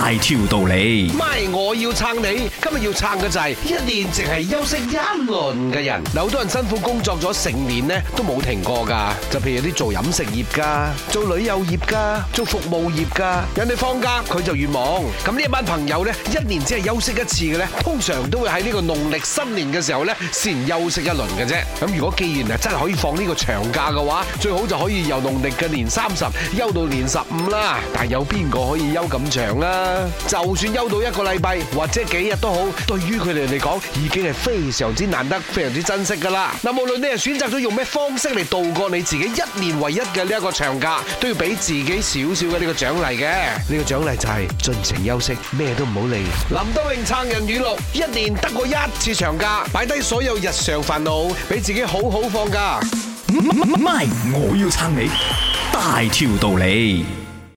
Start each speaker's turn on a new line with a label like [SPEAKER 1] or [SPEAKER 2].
[SPEAKER 1] 大條道理，唔係我要撐你，今日要撐嘅就係一年淨係休息一輪嘅人。嗱，好多人辛苦工作咗成年呢，都冇停過噶。就譬如啲做飲食業噶，做旅遊業噶，做服務業噶，人哋放假佢就越忙。咁呢一班朋友呢，一年只係休息一次嘅呢，通常都會喺呢個農曆新年嘅時候呢，先休息一輪嘅啫。咁如果既然係真係可以放呢個長假嘅話，最好就可以由農曆嘅年三十休到年十五啦。但係有邊個可以休咁長啊？就算休到一個禮拜或者幾日都好，對於佢哋嚟講，已經係非常之難得，非常之珍惜噶啦。嗱，無論你係選擇咗用咩方式嚟度過你自己一年唯一嘅呢一個長假，都要俾自
[SPEAKER 2] 己少少嘅呢個獎勵嘅。呢個獎勵就係盡情休息，咩都唔好理。
[SPEAKER 1] 林德榮撐人語錄，一年得過一次長假，擺低所有日常煩惱，俾自
[SPEAKER 2] 己好好放假。唔係，我要撐你，大條道理。